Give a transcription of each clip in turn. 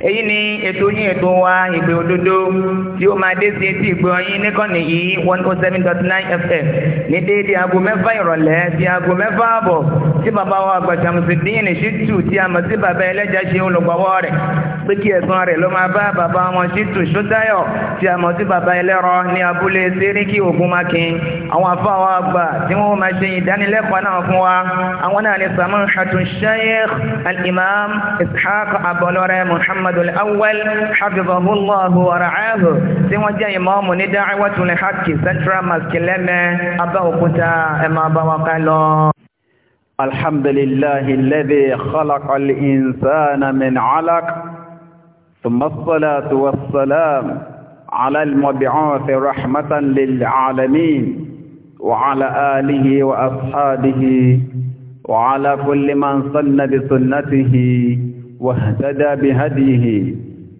èyí ni ètò yín ètò wa ìgbé òdodo tí ó máa dé sí etí ìgbé ọyìn níkànnì yìí one oh seven dot nine fm ní déédéé aago mẹ́fà ìrọ̀lẹ́ sí aago mẹ́fà àbọ̀ tí bàbá wa àgbàjàmùsì dín ní ṣítù tí a mọ̀ sí bàbá ẹlẹ́jà ṣe olùgbọ́wọ́ rẹ̀ pé kí ẹ̀sán rẹ̀ ló máa bá bàbá wọn ṣítù ṣótáyọ̀ tí a mọ̀ sí bàbá ẹlẹ́rọ ní abúlé séríkì ògúnmákin àwọn afáwọn àgbà tí wọ́n máa ṣe ìdánilẹ́kọ̀ọ́ náà fún wa àwọn náà ni samun hatun sheikh al-imam ishaq muhammad محمد الأول حفظه الله ورعاه سيوجا إمام ندعوة لحق سنترا مسكلمة أباو كتا إما أباو الحمد لله الذي خلق الإنسان من علق ثم الصلاة والسلام على المبعوث رحمة للعالمين وعلى آله وأصحابه وعلى كل من صلى بسنته واهتدى بهديه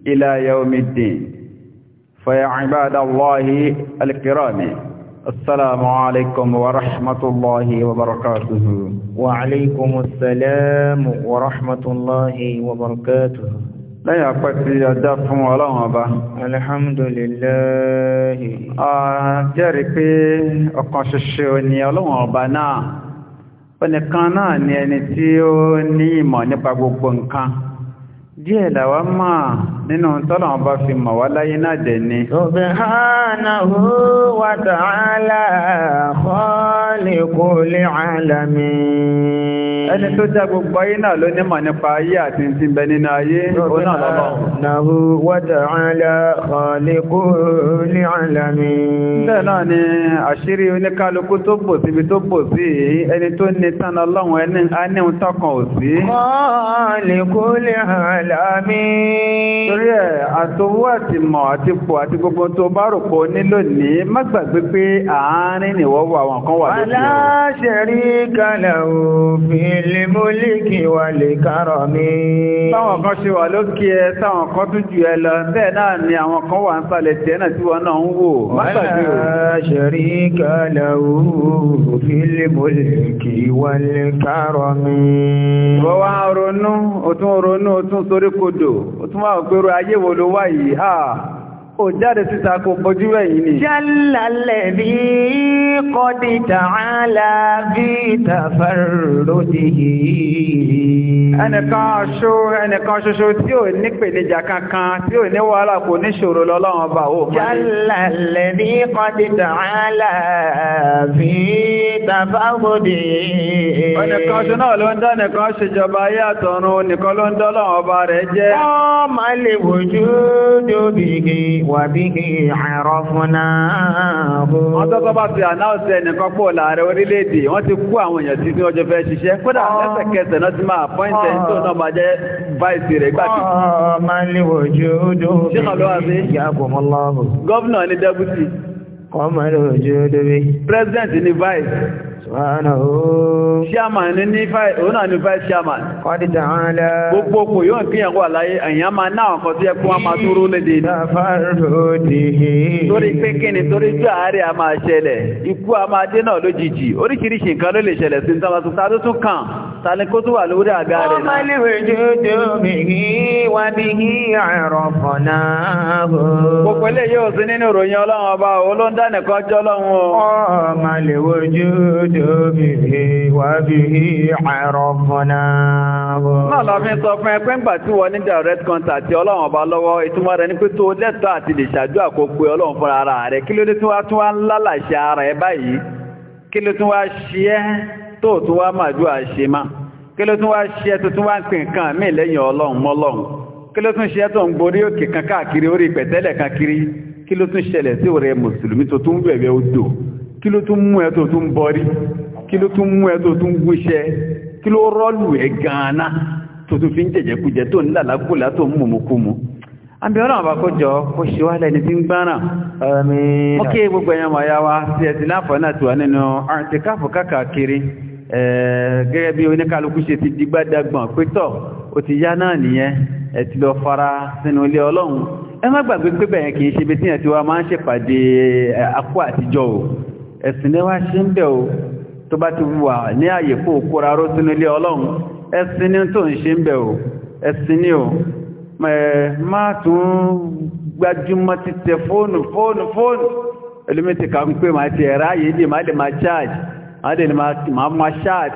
إلى يوم الدين فيا عباد الله الكرام السلام عليكم ورحمة الله وبركاته وعليكم السلام ورحمة الله وبركاته lẹ́yìn àpẹ́ tí a dá fún ọlọ́run ọba. alhamdulillahi. a jẹ́rìí pé ọ̀kan ṣoṣo ni ọlọ́run ọba náà onìkan náà ni ẹni tí ó ní ìmọ̀ nípa gbogbo nǹkan díẹ̀ làwa máa nínú tọ́lọ̀ ọba fi mọ̀ wá láyé náà dẹ̀ ni. Subhanahu wa ta'ala khaliqul alamin. Ẹni tó já gbogbo ayé náà ló nímọ̀ nípa ayé àti ti bẹ nínú ayé. Subhanahu wa ta'ala khaliqul alamin. Bẹ́ẹ̀ náà ni àṣírí oníkálukú tó bò síbi tó bò sí ẹni tó ní tán ọlọ́run ẹni á torí ẹ̀ àtòwò àti mọ̀ àti pò àti gbogbo tó bá rò pò nílò ní má gbàgbé pé àárín nìwọ́ wà wọn kan wà lókè. aláṣẹ̀rí kalẹ̀ òfin lè mú léèkì wà lè kárọ̀ mi. táwọn kan ṣe wà lókè ẹ táwọn kan tún jù ẹ lọ bẹ́ẹ̀ náà ni àwọn kan wà ń sàlẹ̀ tiẹ̀ náà tí wọn náà ń wò má gbàgbé o. aláṣẹ̀rí kalẹ̀ òfin lè mú léèkì wà lè kárọ̀ mi. ìwọ wa ronú o tún ronú o tún sorí kodò o tún wà pé r ayé wo ló wá yìí háà ò jáde síta kò bójú rẹ̀ yìí ni. jálàlẹ̀ bí kọ́dí tààlà bí tàfàrọ̀dì yìí. ẹnìkan ṣo ẹnìkan ṣoṣo tí ò ní pèníjà kankan tí ò ní wàhálà kò ní ṣòro lọ́lọ́run ọba ò mọ́. jálàlẹ̀ bí kọ́dí tààlà bí tàfàrọ̀dì yìí. ẹnìkan ṣo náà ló ń dá ẹnìkan ṣèjọba ayé àtọ̀run nìkan ló ń dá ọlọ́run ọba rẹ̀ jẹ́. wọ́n máa lè wojú dóbi wàbíhì àrọ́fúnná. Wọ́n tọ́tọ́ bá ti ànáwọ̀sẹ̀ nìkan pọ̀ láàrẹ orílẹ̀-èdè, wọ́n ti kú àwọn èèyàn tí wọ́n jọ fẹ́ ṣiṣẹ́. Kódà ah. lẹ́sẹ̀kẹsẹ̀ náà ti máa pọ́ìntẹ̀ tó náà máa jẹ́ báìsì rẹ̀ gbàgbé. Ọmọ ilé òjò odò bíi ìyàgòmọ́lọ́rùn. Gọ́vnà ni dẹ́bùtì. Ọmọ ilé òjò odò bíi. Pírẹ́sidẹ̀ntì ni vice subhanahu. Ṣíàmà ní ní fáì, òun náà ní fáì ṣíàmà. Kọ́dí ta'ala. Gbogbo kò yóò kíyàn wà láyé, èèyàn máa náà kan tó yẹ kó wọ́n máa tó rú léde. Tàfàrọ̀dìhì. Torí pé kí ni torí jọ àárẹ̀ a máa ṣẹlẹ̀, ikú a máa dé náà lójijì, oríṣiríṣi nǹkan ló lè ṣẹlẹ̀ sí ní tàbátútà tó tún kàn tàní kó tó wà lórí àga rẹ̀ náà. Ọmọ ilé jòjò mi ní wà bí ní àrọ̀ fọ̀nà. Gbogbo ilé yóò sí nínú ìròyìn ọlọ́run ọba olóńdá nìkan jẹ́ ọlọ́run o. Ọmọ ilé jòjò mi ní wà bí ní àrọ̀ fọ̀nà. Náà la fi sọ fún ẹ ńgbà tí wọ́n ní direct contact ọlọ́run ọba lọ́wọ́ ìtumọ̀ rẹ̀ ni pé tó lẹ́tọ̀ọ́ àti lè tó tó wá máa jú àṣe má kí ló tún wá ṣe tó tún wá ń pín nǹkan mí lẹ́yìn ọlọ́run mọ́lọ́run kí ló tún ṣe tó ń òkè kan káàkiri orí kan kiri kí ló tún ṣẹlẹ̀ sí òrẹ́ mùsùlùmí tó tún bẹ̀rẹ̀ odò kí ló tún mú ẹ tó tún kí ló tún mú ẹ tó tún kí ló rọ́lù ẹ gan-an tó tún fi ń jẹ̀jẹ̀kújẹ tó ń tó ń kó ṣe wá tí gbogbo ẹ̀yàn wá ẹ̀sìn láǹfààní àti wà Eh, gẹ́gẹ́ bí oníkàlùkù ṣe ti digbádàgbọ̀n pétọ̀ o ti yá náà nìyẹn ẹ ti lọ fara sínú ilé ọlọ́run ẹ má gbàgbé pé bẹ̀yẹn ṣe ibi tí yẹn máa ń akó àtijọ́ o ẹ̀sìn ni wá ṣe ń o tó bá ti wà ní àyè ró sínú ilé ọlọ́run ẹ̀sìn ni àádẹ́ ni máa ma ṣáàt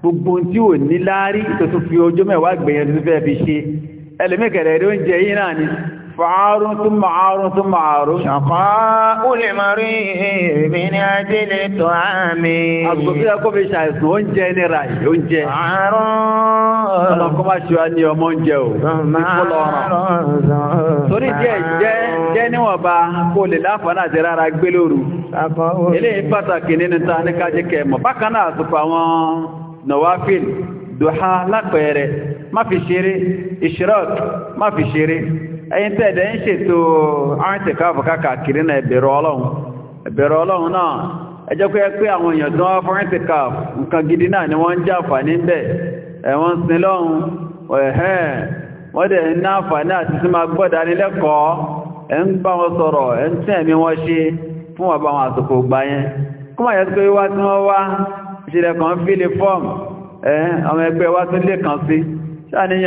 gbogbo tí ò ní láárí tó tún fi ọjọ́ mẹ́wàá gbẹ̀yẹn tó fẹ́ fi ṣe ẹlẹ́mẹ́kẹ̀rẹ̀ rí oúnjẹ yìí náà ni فعار ثم عار ثم عار شقاء المريء من أجل الطعام أصبحت أكو في ونجي نراي ونجي عار ọlọ́kọ́ bá ṣe wá ní ta ẹ̀yin tẹ́ẹ̀dẹ̀ ń ṣètò àrìntìkáàbù káàkiri na ẹ̀bẹ̀rọ ọlọ́run ẹ̀bẹ̀rọ ọlọ́run náà ẹjọ́ pé pé àwọn èèyàn tó nǹkan gidi náà ni wọ́n ń já àǹfààní ń bẹ̀ ẹ̀wọ́n sin lọ́run ẹ̀hẹ́n wọ́n dẹ̀ ń ná àǹfààní àti máa ẹ̀ ń bá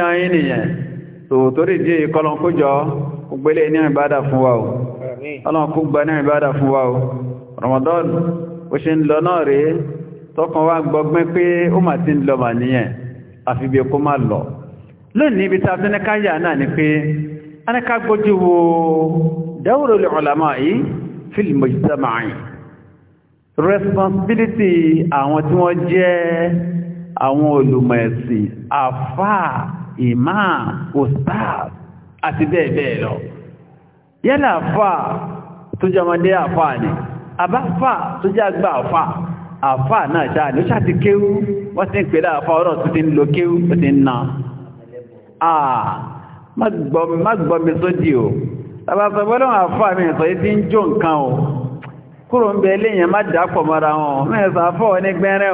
wọn sọ̀rọ̀ sòwòtórí jí kọlọ̀n kó jọ ní ìbádà fún wa o ọlọ́n kó gba ní ìbádà fún wa o Ramadan ó ṣe ń lọ náà rí tọ́kàn wá gbọgbẹ́ pé ó mà ti ń lọ mà níyẹn àfi bí kó má lọ lónìí ibi tàbí ní káyà náà ni pé a ní ká gbójú wo dawrul ulama'i fil mujtama'i responsibility àwọn tí wọ́n jẹ́ imam ustaz àti bẹ́ẹ̀ bẹ́ẹ̀ lọ yálà àfà tó jẹ́ ọmọdé àfà ni àbá àfà tó jẹ́ àgbà àfà àfà náà ṣáà ló ṣáà ti kéwú wọ́n ti ń pèlá àfà ọ̀rọ̀ tó ti ń lo kéwú tó ti ń na àà má gbọ́mi sódì o tàbátàbọ́lọ́ àfà mi sọ yí ti ń jó nǹkan o kúrò ń bẹ eléyìn má dàápọ̀ mọ́ra wọn mẹ́sàn-án fọ́ ọ ní gbẹ́rẹ́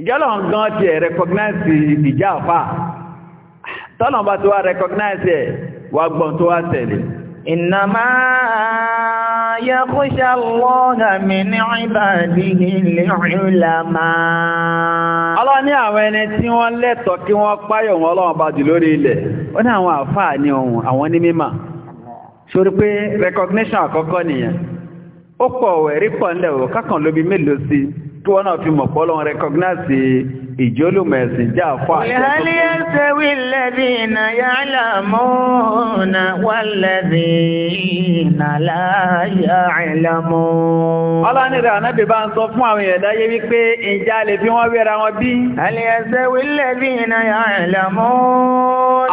ìjọ́lọ̀ gan ti ẹ̀ recognize ìjà àfà tọ́nà bá tó wá recognize ẹ̀ wà gbọ́n tó wá tẹ̀lé innama yakhsha Allaha min ibadihi al-ulama Allah ní àwọn wọn ilẹ̀ ó ní ohun recognition kí wọ́n náà fi mọ̀ pọ́lọ́wọ́n recognize ìjólùmọ̀ ẹ̀sìn já fà. ìhálí ẹsẹ̀ wí lẹ́bí iná yálà mọ́ọ̀nà wà bá ń sọ fún àwọn èèyàn dáyé wípé ìjà lè fi wọ́n wéra wọn bí.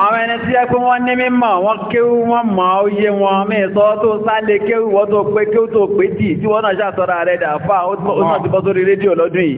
àwọn ẹni tí ẹ pé wọ́n ní mímọ̀ wọ́n kéwú wọ́n mọ̀ ó yé wọn mí tó sálé kéwú wọ́n tó pé kéwú tó pé tí wọ́n náà ṣàtọ́ra rẹ̀ dà fà ó náà ti bọ́ sórí rédíò lọ́dún yìí.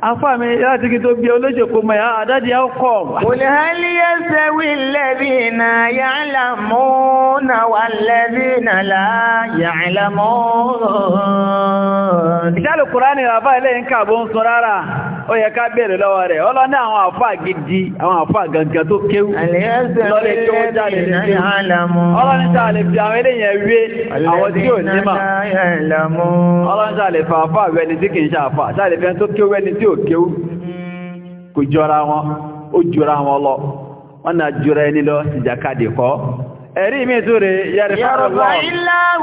Afámi láti kí tó bí olóṣèkó mọ̀ ya àdájí ya kọ̀. Olè hálí yẹ́ sẹ́wì lẹ́bí na yàálàmọ́ na wà lẹ́bí na láyàálàmọ́. Ìjálù Kùránì àfá ilé ń kàbọ̀ ń sọ rárá, ó yẹ ká bèèrè lọ́wọ́ rẹ̀. Ọlọ́ ní gidi, àwọn àfá gangan tó kéwú. Lọ́lẹ̀ tí ó jáde ní kéwú. Ọlọ́ ní sáà lè fi àwọn eléyẹn wé àwọn tí ò ní mà. Ọlọ́ ní sáà lè fi ẹni tó kéwú wẹni tí ò kéwú kò jọra wọn ó jọra wọn lọ wọ́n na jọra ẹni lọ ìjàkadì kọ́ ẹ̀rí mi tó rẹ̀ yàrá ìlàwò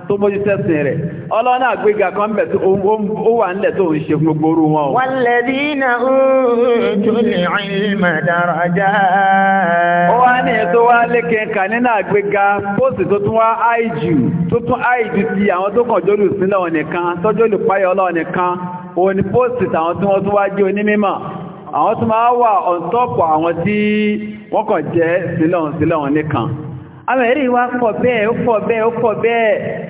tó mójú sẹ́sìn rẹ̀ ọlọ́nà àgbéga kan bẹ̀ ó wà nílẹ̀ tó ń ṣe gbogbo orú wọn. walladhina utul ilma darajat. ó wá ní ètò wá lékè ńkà nínú àgbéga pósì tó tún wá àwọn tó kàn jólù nìkan tọ́jú olùpáyọ̀ nìkan òun ni pósì tàwọn tí wọ́n àwọn tó máa àwọn tí wọ́n kàn jẹ́ sílẹ̀ nìkan. àwọn wa pọ̀ bẹ́ẹ̀ ó pọ̀ bẹ́ẹ̀ ó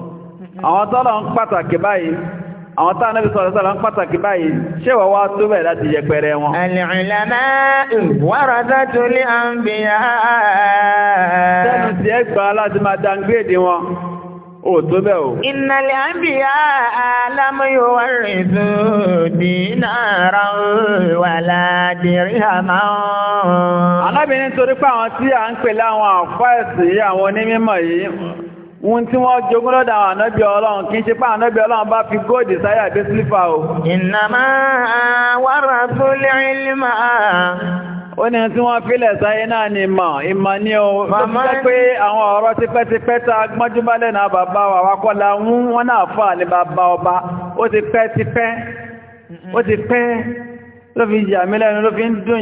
àwọn tọ́lọ̀ ń pàtàkì báyìí àwọn táà náà ń pàtàkì báyìí ṣe wà wá tó bẹ̀ láti yẹpẹrẹ wọn. al-ulama warasatul tó bẹ́ o. innal wala Wọ́n tí wọ́n jogún lọ́dọ̀ àwọn ànábì ọlọ́run kí ṣe pá ànábì ọlọ́run bá fi góòdì sáyà bí sílífà o. Innama warathul ilma. Ó ní tí wọ́n fílẹ̀ sáyé náà ni ìmọ̀, ìmọ̀ ni o. Màmá pé àwọn ọ̀rọ̀ tipẹ́tipẹ́ tá a gbọ́njúbálẹ̀ náà bàbá wa wákọ́lá wọn náà fà ní bàbá ọba. Ó ti pẹ́ ti pẹ́, ló fi yà mí lẹ́nu ló fi ń dùn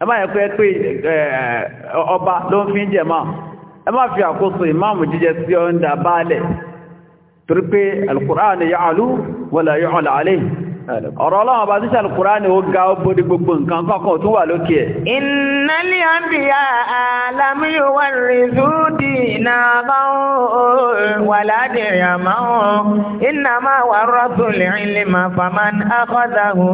ẹ má yẹ pé pé ọba ló ń fi ń jẹmọ́ ẹ má fi àkóso ìmáàmù jíjẹ sí ọ́ndà báálẹ̀ torí pé al-Qur'an ya'lu wa la yu'la alayhi ọ̀rọ̀ ọlọ́run ọba tí Al-Kùránì ó ga ó gbogbo nǹkan kọ́kọ́ tún wà lókè ẹ̀. Innal anbiya lam yuwarrithu dinaran wala dirhaman innama warrathul ilma faman akhadhahu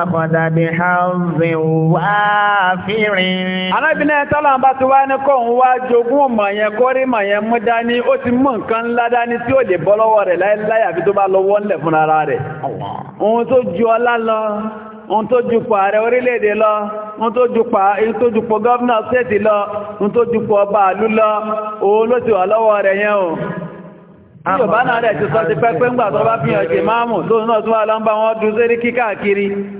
akhadha bihazzin wafirin. arábìnrin ẹ̀ tọ́lá ohun tó ju ọlá lọ ohun tó jùpọ̀ ààrẹ orílẹ̀-èdè lọ ohun tó jùpọ̀ gọ́ọ̀nà sẹ́ẹ̀tì lọ ohun tó jùpọ̀ ọba àlú lọ òun ló ti wà lọ́wọ́ rẹ̀ yẹn o tí ò bá náà rẹ̀ ti sọ ti pẹ́ pé ń gbà tó bá fi jẹ máàmù tó náà tún wà lọ́nbà wọn dúró sérí kíkàkiri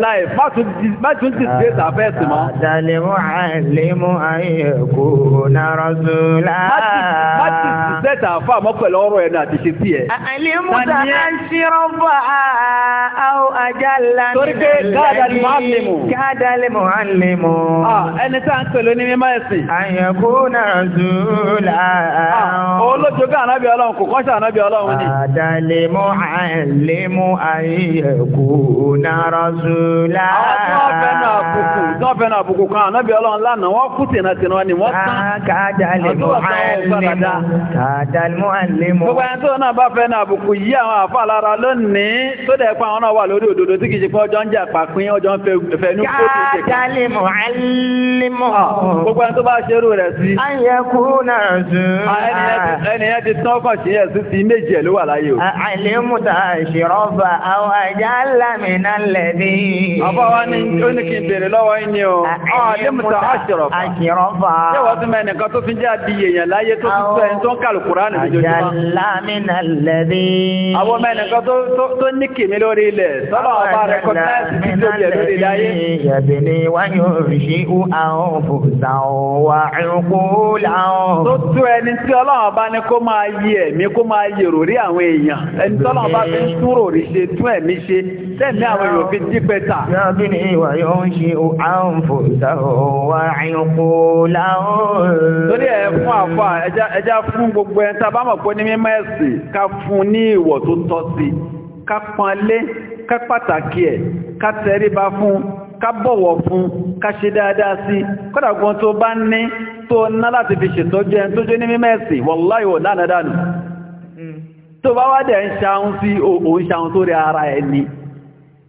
life má tún ti dé tàfẹ́ sí mọ́. àdàlẹ́ mú àìlè mú ayé kò nàrọ̀ zùlá. má ti dé tàfà mọ́ pẹ̀lú ọ̀rọ̀ ẹ̀ náà ti ṣe sí ẹ̀. àìlè mú ń ṣírọ́ bọ̀ àwọn àjàlá nílẹ̀ torí pé káàdàlẹ́ mú àlèmù. káàdàlẹ́ mú àlèmù. ẹni tá à ń pèlú ní mímọ́ ẹ̀sìn. ayé kò nàrọ̀ zùlá. olójogún ànábì ọlọ́run kò kọ́ṣà ànábì ọlọ́run ni. àdàlẹ́ mú àìlè mú ayé zùlá. rọ̀súlá. Tọ́fẹ́nà àbùkù kan ànábì ọlọ́run lánàá wọ́n kú tìna tìna ni wọ́n tán. Kàdàlì ka Kàdàlì Mùhàlímù. Gbogbo ẹni tó náà bá fẹ́nà àbùkù yí àwọn àfà lára lónìí tó dẹ̀ pa àwọn náà wà lórí òdòdó tí ṣe pé ọjọ́ ń jà pàpín ọjọ́ ń Kàdàlì ah, Gbogbo ẹni Àbáwá ní ó ní kí n bèèrè lọ́wọ́ yín ni o. Àdémùtà ah, àṣìrọ̀ fà. Àṣìrọ̀ fà. Ṣé wọ́n tún mẹ́rin kan tó fi jẹ́ àbí èèyàn láyé tó tún sẹ́yìn tó ń kà lùkùránì lójoojúmọ́? Àjàlá mi nà lẹ́bí. Àwọn mẹ́rin kan tó ní kìmí lórí ilẹ̀ sọ́lọ́ ọba rẹ̀ kọ́ ni wáyé òrìṣì ó àwọn òfòsà wà ẹ̀kú làwọn. Tó tú ẹni tí Ọlọ́run bá ní Tẹ́mi àwọn èrò fi jí pẹ́ta. Yọ́bí ni ìwà yóò ń ṣe àǹfò ìtàwà àyànkò láhùn. Torí ẹ̀ fún àfà fún gbogbo a mọ̀ pé ní mímọ́ ẹ̀sìn ká fún ní ìwọ̀ tó tọ́ sí, ká pọnlé, ká pàtàkì ẹ̀, ká tẹríba fún, ká bọ̀wọ̀ fún, ká ṣe dáadáa sí. Kọ́dà tó bá ní tó ná láti fi ṣètọ́jú ẹni tó jẹ́ ní mímọ́ ẹ̀sìn, wàláhì wọ̀ dànù. Mm. Tó bá wá dẹ̀ ń ṣahun sí òun ṣahun tó ara ẹni.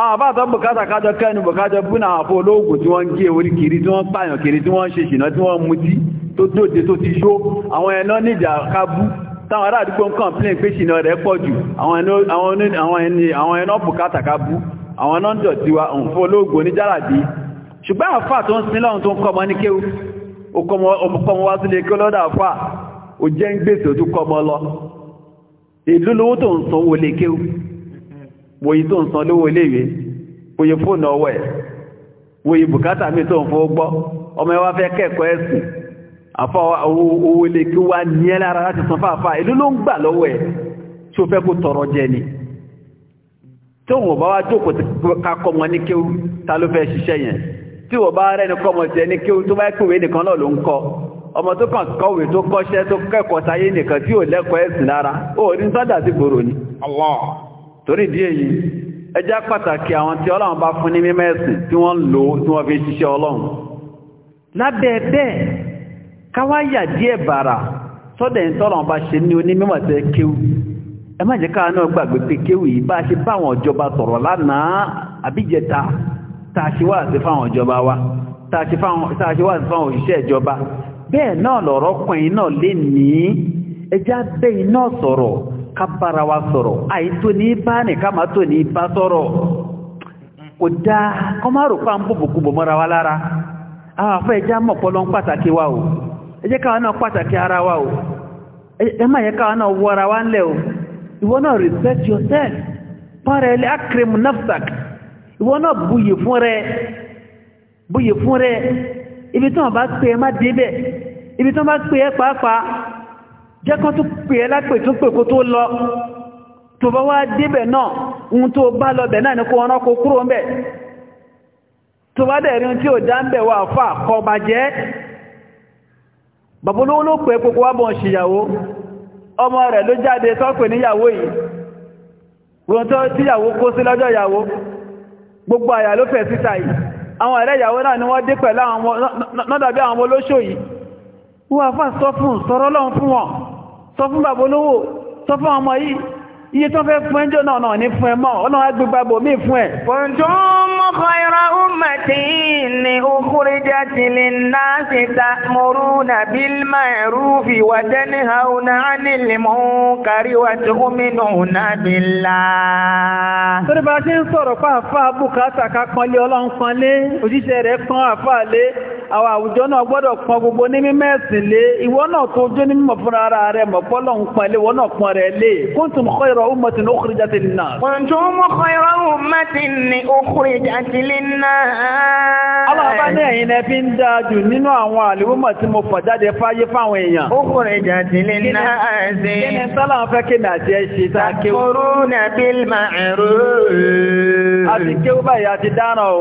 àbá tó bùkátà kájọ kẹ́nu bùkátà búnà àpò olóògùn tí wọ́n gé orí kiri tí wọ́n ń pààyàn kiri tí wọ́n ń ṣe ṣìnà tí wọ́n ń mutí tó dóde tó ti ṣó àwọn ẹ̀nà níjà kábú táwọn ará àdúgbò ń kọ̀m̀plẹ̀n pé ṣìnà rẹ̀ pọ̀ jù àwọn ẹ̀nà bùkátà kábú àwọn ẹ̀nà ń dọ̀tí wa ń fọ́ olóògùn wòye tó ń san lówó iléèwé wòye fóònù ọwọ́ ẹ̀ wòye bùkátà mi tó ń fowó gbọ́ ọmọ ẹ wá fẹ́ kẹ́kọ̀ọ́ ẹ̀sìn àfọ owó lè kí wá ní ẹ lára láti san fáfá ìlú ló ń gbà lọ́wọ́ ẹ̀ tí ó fẹ́ ni tí wọ́n bá wá jókòó ti kakọ́ ọmọ tó kàn kọ́wé tó kọ́ṣẹ́ tó kẹ́kọ̀ọ́ sáyé nìkan tí ò lẹ́kọ̀ọ́ ẹ̀sìn lára ó ní sọ́dà sí gbòrò ni Allah torí ìdí èyí ẹjá pàtàkì àwọn tí ọlọ́run bá fún ní mímọ̀ ẹ̀sìn tí wọ́n tí wọ́n fi ṣiṣẹ́ ọlọ́run lábẹ́ bẹ́ẹ̀ káwáyà díẹ̀ bàrà sọ́dẹ̀ tọ́lọ́run bá ṣe ní onímọ̀ kéwù ẹ má jẹ́ náà gbàgbé pé kéwù yìí bá ṣe báwọn lánàá àbíjẹta ṣe wa ká bára wa sọ̀rọ̀ àìtó ní ni nìkan máa tó ní bá sọ̀rọ̀ kò dáa kọ́ máa rò pa ń bòbòkú bò mọ́ra wa lára àwọn àfẹ́ ẹjá mọ̀ pọ́lọ́ ń wa o ẹ jẹ́ káwọn náà ara wa o ẹ má yẹ káwọn náà wọra wa ńlẹ̀ o ìwọ náà respect yourself pààrẹ ilé akrim nafsak ìwọ náà buyì fún rẹ buyì fún rẹ ibi tí wọn bá pè é má débẹ̀ ibi tí wọn bá pè é pàápàá jẹ́ kán tún pè é lápè tún pè kó tó lọ tó bá wá débẹ̀ náà ohun tó bá lọbẹ̀ náà ní kó ọ̀nà kó kúrò ń bẹ̀ tó bá dẹ̀rin tí ò dá ń bẹ̀ wà fà kọba jẹ́ bàbá olówó ló pè é kókó wá bọ̀ ṣìyàwó ọmọ rẹ̀ ló jáde tọ́pẹ̀ níyàwó àwọn ẹ̀rẹ́ ìyàwó náà ni wọ́n dé pẹ̀lú àwọn ọmọ olóṣò yìí wọ́n àfà sọ fún sọ̀rọ̀ fún wọn sọ fún bàbá olówó sọ fún ọmọ yìí iye tó fẹ́ fún ẹjọ́ náà náà ní fún ẹ mọ́ ọ̀nà agbègbè àbò míì fún ẹ. kuntum khayra ummatin ukhrijat lin-nasi ta'muruna bil ma'rufi wa tanhawna 'anil munkari wa tu'minuna billah. torí bá a ṣe ń sọ̀rọ̀ fún àfa bùkátà ká pọ́nlé ọlọ́run pọ́nlé òjíṣẹ́ rẹ̀ pọ́n àfa lé àwọn àwùjọ náà gbọ́dọ̀ pọ́n gbogbo ní mímẹ́sìn lé ìwọ náà tó jó ní mímọ̀ fúnra rẹ̀ mọ̀ أمة أخرجت للناس كنتم خير أمة أخرجت للناس الله bani ẹ̀yin lẹ fi ń dáa jù nínú àwọn àlùmọ̀ tí mo fà jáde fáyé fáwọn èèyàn. ó kò rẹ̀ jàdí lè náà ṣe. kí ni sálà ń fẹ́ kí ni àti ẹ ṣe tá a kéwú. àkóró nàbí màrú. a ti kéwú báyìí a ti dáràn o.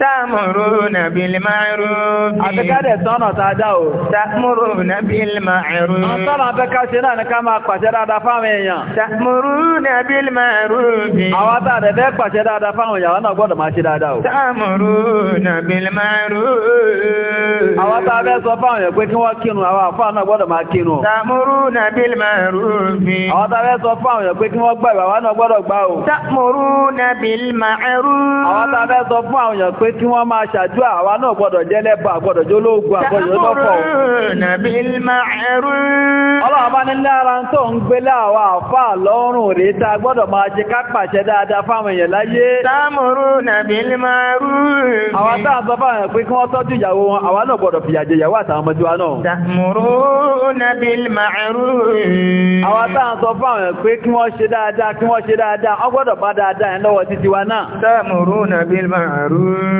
Ta'muruna bil ma'ruf. Àbíkádẹ̀ sọ́nà tàdá o. Ta'muruna bil ma'ruf. Àwọn sọ́nà abẹ́ká ṣe náà ní ká máa pàṣẹ dáadáa fáwọn èèyàn. Ta'muruna bil ma'ruf. Àwọn àtàrẹ̀ fẹ́ pàṣẹ dáadáa fáwọn èèyàn náà gbọ́dọ̀ máa ṣe dáadáa o. Ta'muruna bil ma'ruf. Àwọn àtàrẹ̀ sọ fáwọn èèyàn pé kí wọ́n kírun àwọn àfáà náà gbọ́dọ̀ máa kírun. Ta'muruna bil ma'ruf. Àwọn àtàrẹ̀ sọ fáwọn èèyàn pé kí wọ́n máa ṣàdúrà àwa náà gbọ́dọ̀ jẹ́ lẹ́bọ̀ àgbọ́dọ̀ jẹ́ olóògùn àgbọ́dọ̀ lọ́pọ̀. ọlọ́run bá ní lára tó ń gbé láwa àfà lọ́rùn rè tá a gbọ́dọ̀ máa ṣe ká pàṣẹ dáadáa fáwọn èèyàn láyé. sámúrú nàbí màrú. àwa tá à ń sọ fáwọn èèyàn pé kí wọ́n tọ́jú ìyàwó wọn àwa náà gbọ́dọ̀ fìyà jẹ ìyàwó àtàwọn ọmọdé wa náà. sámúrú nàbí màrú. àwa tá à ń sọ fáwọn èèyàn pé kí wọ́n ṣe dáadáa kí wọ́n ṣe dáadáa wọ́n gbọ́dọ̀ bá dáadáa yẹn lọ́wọ́ títí wa náà. sámúrú nàbí màrú.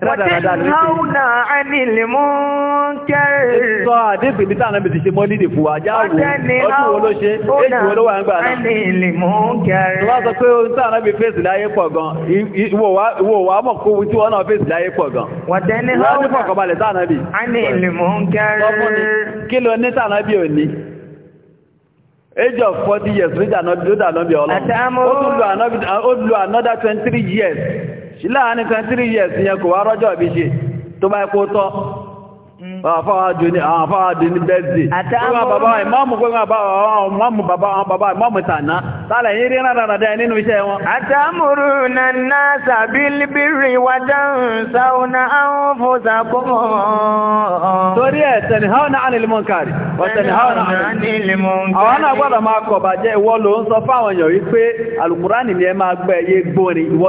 Wàtíhàúnà ànìlè mú kẹrì. Sọ àdébì ní tààrà bìí ti ṣe mọ́ nídè fún wa, jáwò, ọdún wo ló ṣe, èjì wo ló wà ń gbà náà. Ànìlè mú kẹrì. Wọ́n sọ pé ohun tààrà bìí fèsì láyé pọ̀ gan, ìwò wà mọ̀ kó tí wọ́n náà fèsì láyé pọ̀ gan. Wàtíhàúnà age of 40 years ló dà náà bí ọlọ́run. Ó tún lo another 23 years ṣíláà nìkan 3 years yẹn kò wá rọ́jọ́ bí ṣe tó bá ẹkó tọ́ àfáàdì ní bẹ́ẹ̀dì nígbà bàbá ìmáàmù gbogbo àwọn bàbá mụ bàbá ìmáàmù mụ tààlẹ̀ yìí mụ rárá rárá nínú iṣẹ́ wọn. àtàmùrù nàná sàbí líbírì wáján sáúnà àwọn fòsàkómọ̀. torí ẹ̀ tẹ̀nìháwọ̀nà ánìlmọ̀nkàrí wọ́tẹ̀nìháwọ̀nà ánìlmọ̀nkàrí àwọn náà gbọ́dọ̀ máa kọ̀ bàjẹ́ ìwọ ló ń sọ fáwọn èèyàn wípé alùkùránì ni ẹ máa gbẹ́ ẹyẹ gbórin ìwọ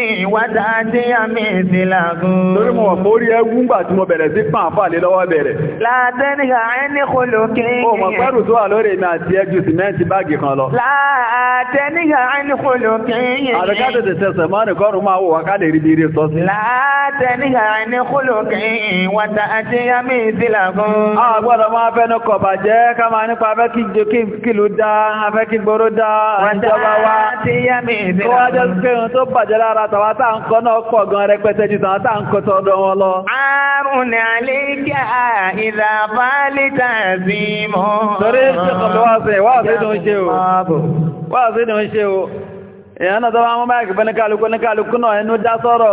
ìwádà tí a mi sí làgùn. lórí mo mọ̀ pé ẹgún gbà tí mo bẹ̀rẹ̀ sí pàn fà lé lọ́wọ́ bẹ̀rẹ̀. látẹ́ni ká ẹ́ ní wá tí a mi sí sọwata tá à ń kọ́ náà pọ̀ gan rẹpẹtẹ ju tàwa tá à ń kọ́ tọ́dọ̀ wọn lọ. àrùn ní alẹ́ ìjà ìdàbà lè tàbí mọ́. torí ṣe o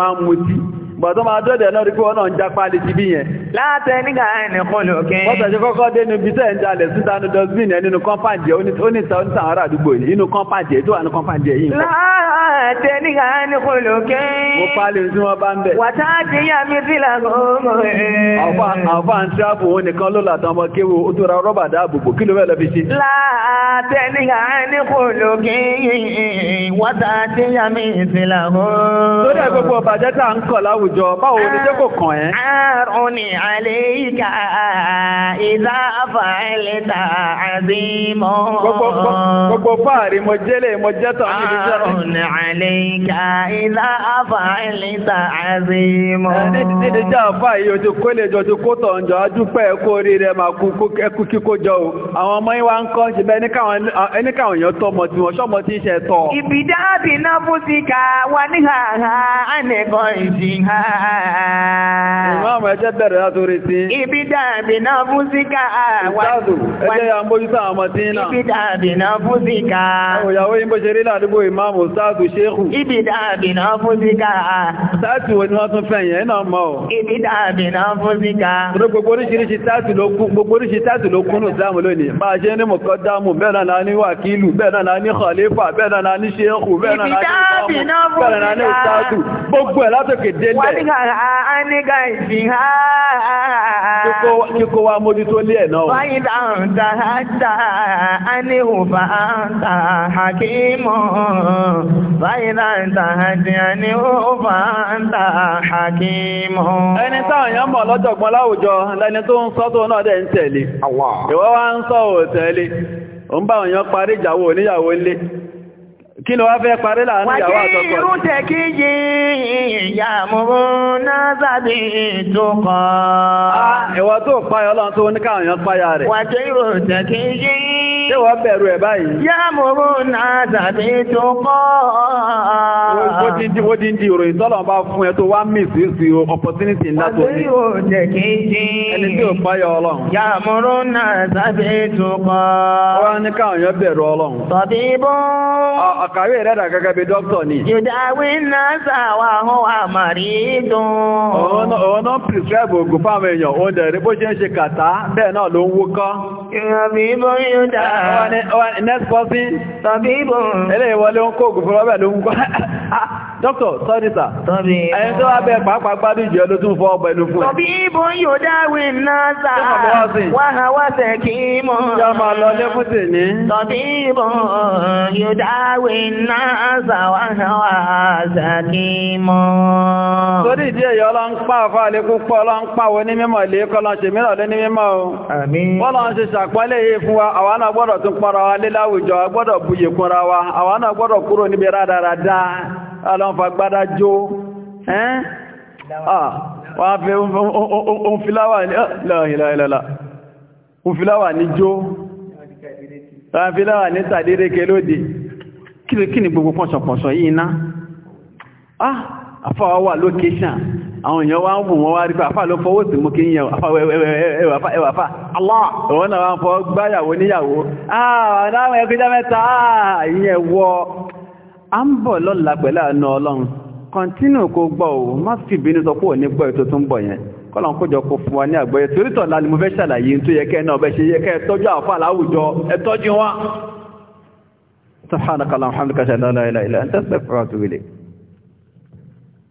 máa ń mutí gbọ̀tọ́ máa dọ́dẹ̀ náà rí pé wọ́n náà ń jápa lè ti bí yẹn látẹ́ nígbà ẹni kọlù òkè bọ́tẹ̀ ṣe kọ́kọ́ dé inú bí tẹ́ẹ̀ ń jalè síta ní dọ́sbìn ẹni inú kọ́mpáǹdì oníta oníta ará àdúgbò yìí inú kọ́mpáǹdì tó wà ní kọ́mpáǹdì yìí wátà tí yà mí ìsìnlá hó. Lórí ẹgbogbo ọ̀bàjẹ́ tà ń kọ̀ láwùjọ, báwo ni jẹ́ kò kàn ẹ́? Àrùn ni àlẹ́ ìkà ìdá fàílẹ̀ta àbímọ̀. Gbogbo fáàrí mo jẹ́lẹ̀ mo jẹ́tọ̀ ní ibi jẹ́rọ. Àrùn ni àlẹ́ ìkà ìdá fàílẹ̀ta àbímọ̀. Ẹni jẹ́ àfáà yìí ojú kó lè jọ ju kó tọ̀ ń jọ, ajúpẹ́ ẹ̀kọ́ orí rẹ̀ máa kú kíkó jọ o. Àwọn ọmọ yín wá ń kọ́ ṣe bẹ́ẹ̀ ẹni káwọn èèyàn tọ́ ọmọ tí wọ́n ṣọ́mọ tí ń ṣe tọ́. Ibi jáde náà fún síkà wà ní àhà ànẹ́kọ̀ ìjìhà. Ìmáàmù ẹjẹ́ bẹ̀rẹ̀ látòrí sí. Ibi dàbí náà fún síkà wà ní. Ẹjẹ́ ya ń bójú sáwọn ọmọ tí náà. Ibi dàbí náà fún síkà. Òyàwó yín bó ṣe rí ládùúgbò ìmáàmù sáàtù ṣéhù. Ibi dàbí náà fún síkà. Sáàtù wo ni wọ́n tún fẹ̀yìn ẹ̀ náà mọ́ o. Ibi dàbí náà fún síkà. Tọ́lá gbogbo oríṣiríṣi sáàtù ló kún gbogbo oríṣiríṣi sáàtù ló kún nù dáàmù lónìí. Máa ṣe ní mọ̀kọ́ dáàmù bẹ́ẹ̀ náà ní wàkílù bẹ́ẹ̀ náà kù bẹ́ẹ̀ náà láti gbogbo ẹ̀ látòkè délẹ̀. wọ́n ní ká wa mójú tó náà. wáyé dáhùn dáadáa á ní òfà àǹtà hakimu. wáyé dáhùn dáadáa á ní òfà àǹtà hakimu. ẹni táwọn èèyàn mọ̀ lọ́jọ̀gbọ́n Kí ló wá fẹ́ parí láàrin ìyàwó àtọkọ? Wàjí irú tẹ̀ kí yí náà sàbí ìtòkọ̀. Ah, ìwọ tó páyọ Ọlọ́run tó ní káwọn èèyàn páyà rẹ̀. Wàjí irú tẹ̀ kí Ṣé wọ́n bẹ̀rù ẹ̀ báyìí? Yá mo rò náà tàbí tó kọ́. Ó ti ń di ó ti ń di ìròyìn tọ́lọ̀ bá fún ẹ tó wá mí sí sí opportunity ńlá tó ní. Àbí ò jẹ́ kí n dín. Ẹni tí ò páyọ ọlọ́run. Yá mo rò náà tàbí tó kọ́. Ó wá ní káwọn yẹn bẹ̀rù ọlọ́run. Tọ́bí bó. Ọ̀kàwé rẹ̀ dà gẹ́gẹ́ bí dókítọ̀ ni. Ìdáwí náà sàwà hàn àmàrí dùn. Òun náà prescribe ògùn fáwọn èèyàn, òun dẹ̀ rí bó ṣe ń ṣe kàtá, bẹ́ẹ̀ náà ló ń wúkọ́ next person tàbí ìbọn ẹlẹ́ ìwọlé ń kó ògùn fún ọbẹ̀ ló ń gbọ́ dr sọ́dítà tàbí ẹni tó wá bẹ pàápàá gbádùn ìjọ ló tún fọ́ ọgbẹ̀ ló fún ẹ̀ tàbí ìbọn yóò dáwì náà sáà wáhàwásẹ̀ kí mọ́ jọmọ lọ lé fún tè ní tàbí ìbọn yóò gbọ́dọ̀ tún pọ́nra wa lé láwùjọ a gbọ́dọ̀ buyè kúnra wa àwọn náà gbọ́dọ̀ kúrò níbi rádaràdá alọ́nfagbádá jó ẹ́n wọ́n fẹ́ òǹfiláwà ní jó òǹfiláwà ní tàdéréke lóde kí ni gbogbo pọ́nṣọ̀pọ̀ṣọ̀ yìí ná ah afáwà wà lókèṣàn àwọn èèyàn wá ń wù wọ́n wá rí pé àfáà ló fọwọ́ sí mú kí gbáyàwó níyàwó àwọn ah, ah, a ń bọ̀ lọ́la pẹ̀lú àánú ọlọ́run ní fún wa ní àgbẹ̀yẹ torítọ̀ láti mo fẹ́ ṣàlàyé tó yẹ kẹ́ náà bẹ́ na yẹ kẹ́ tọ́jú àfà láwùjọ ẹ tọ́jú wọn.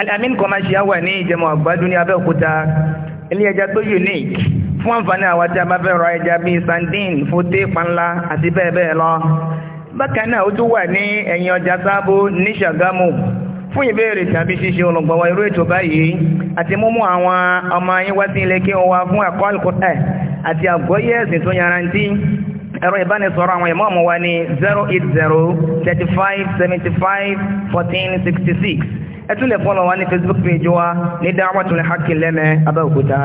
alamin commercial wà ní ìjẹmọ̀ àgbàdo ní abẹ́òkúta ilé ẹja tó unique fún àǹfààní àwọn tí a bá fẹ́ ra ẹja bíi sandin fúté panla àti bẹ́ẹ̀ bẹ́ẹ̀ lọ bákan náà ó tún wà ní ẹ̀yìn ọjà sábó ní ṣàgámù fún ìbéèrè tàbí ṣíṣe olùgbọ̀wọ́ irú ètò báyìí àti múmú àwọn ọmọ yín wá sí ilé kí wọn wá fún ẹ̀kọ́ àlùkọ́tẹ̀ àti àgbọ́yé ẹ̀sìn tó yarantí ẹ̀rọ ìbánisọ̀rọ̀ àwọn ìmọ̀ọ́mù wa ni zero eight zero thirty five seventy five fourteen sixty six ẹ tún lè fọ́lọ̀ wa ní Facebook page wa ní Da'watul Haqqi Abẹ́òkúta